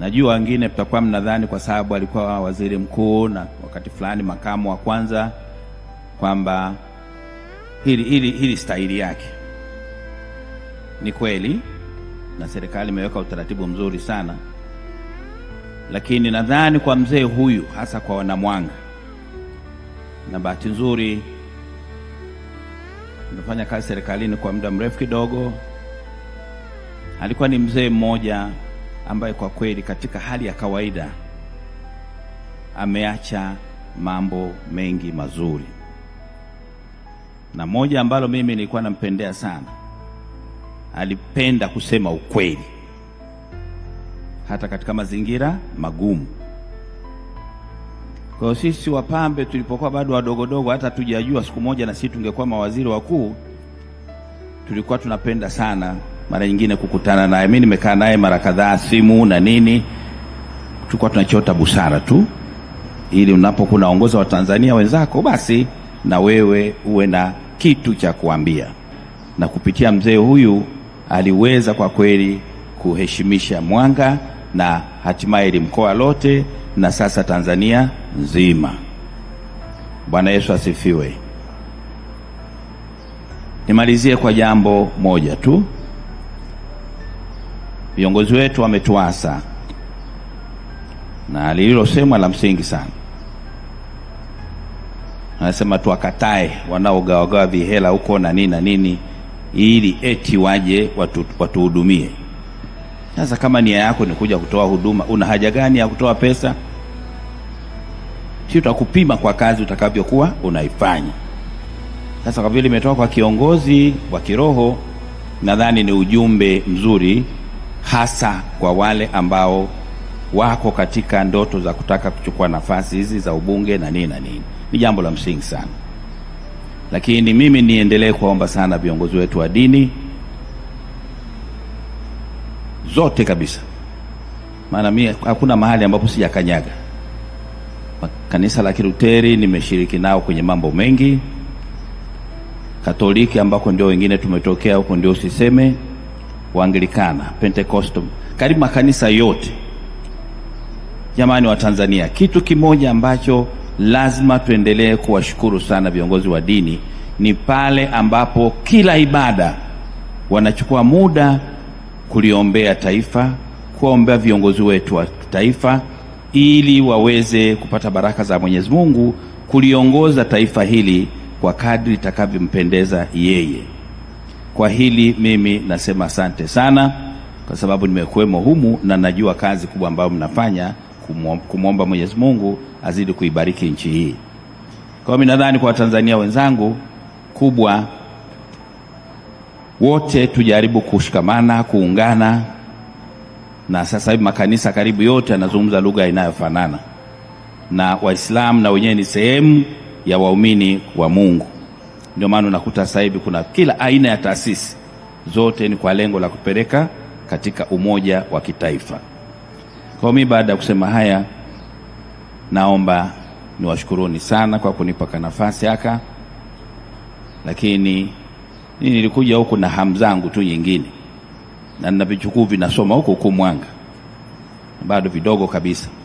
Najua wengine mtakuwa mnadhani kwa sababu alikuwa waziri mkuu na wakati fulani makamu wa kwanza kwamba hili, hili, hili stahili yake. Ni kweli na serikali imeweka utaratibu mzuri sana, lakini nadhani kwa mzee huyu hasa kwa Wanamwanga, na bahati nzuri nimefanya kazi serikalini kwa muda mrefu kidogo, alikuwa ni mzee mmoja ambaye kwa kweli katika hali ya kawaida ameacha mambo mengi mazuri, na moja ambalo mimi nilikuwa nampendea sana, alipenda kusema ukweli hata katika mazingira magumu. Kwa hiyo sisi wapambe tulipokuwa bado wadogodogo, hata tujajua siku moja na sisi tungekuwa mawaziri wakuu, tulikuwa tunapenda sana mara nyingine kukutana naye. Mi nimekaa naye mara kadhaa, simu na nini, tulikuwa tunachota busara tu, ili unapokuwa unaongoza watanzania wenzako, basi na wewe uwe na kitu cha kuambia. Na kupitia mzee huyu aliweza kwa kweli kuheshimisha Mwanga na hatimaye ili mkoa lote na sasa Tanzania nzima. Bwana Yesu asifiwe. Nimalizie kwa jambo moja tu viongozi wetu wametuasa na lililosemwa la msingi sana, anasema tuwakatae wanaogawagawa vihela huko na nini na nini, ili eti waje watuhudumie watu. Sasa kama nia yako ni kuja kutoa huduma, una haja gani ya kutoa pesa? Si utakupima kwa kazi utakavyokuwa unaifanya. Sasa kwa vile imetoka kwa kiongozi wa kiroho, nadhani ni ujumbe mzuri hasa kwa wale ambao wako katika ndoto za kutaka kuchukua nafasi hizi za ubunge na nini na nini. Ni jambo la msingi sana, lakini mimi niendelee kuwaomba sana viongozi wetu wa dini zote kabisa, maana mimi hakuna mahali ambapo sijakanyaga. Kanisa la kiruteri nimeshiriki nao kwenye mambo mengi, Katoliki ambako ndio wengine tumetokea huko, ndio siseme Waanglikana, Pentecostal, karibu makanisa yote. Jamani wa Tanzania, kitu kimoja ambacho lazima tuendelee kuwashukuru sana viongozi wa dini ni pale ambapo kila ibada wanachukua muda kuliombea taifa, kuwaombea viongozi wetu wa taifa ili waweze kupata baraka za Mwenyezi Mungu kuliongoza taifa hili kwa kadri itakavyompendeza yeye. Kwa hili mimi nasema asante sana, kwa sababu nimekuwemo humu na najua kazi kubwa ambayo mnafanya kumwomba Mwenyezi Mungu azidi kuibariki nchi hii. Kwa mimi nadhani kwa Watanzania wenzangu kubwa wote tujaribu kushikamana, kuungana, na sasa hivi makanisa karibu yote yanazungumza lugha inayofanana na Waislamu, na wenyewe ni sehemu ya waumini wa Mungu. Ndio maana unakuta sasa hivi kuna kila aina ya taasisi, zote ni kwa lengo la kupeleka katika umoja wa kitaifa. Kwa mimi, baada ya kusema haya, naomba niwashukuruni sana kwa kunipa nafasi haka, lakini mimi nilikuja huku na hamu zangu tu nyingine, na nina vichukuu vinasoma huko huko Mwanga, bado vidogo kabisa.